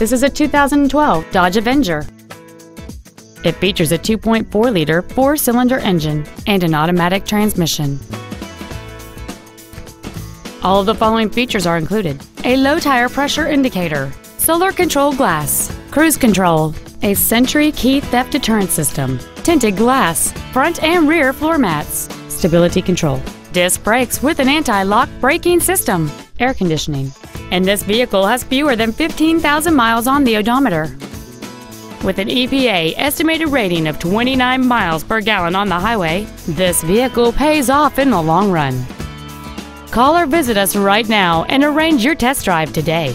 This is a 2012 Dodge Avenger. It features a 2.4-liter four-cylinder engine and an automatic transmission. All of the following features are included. A low tire pressure indicator, solar control glass, cruise control, a Sentry key theft deterrent system, tinted glass, front and rear floor mats, stability control, disc brakes with an anti-lock braking system, air conditioning, and this vehicle has fewer than 15,000 miles on the odometer. With an EPA estimated rating of 29 miles per gallon on the highway, this vehicle pays off in the long run. Call or visit us right now and arrange your test drive today.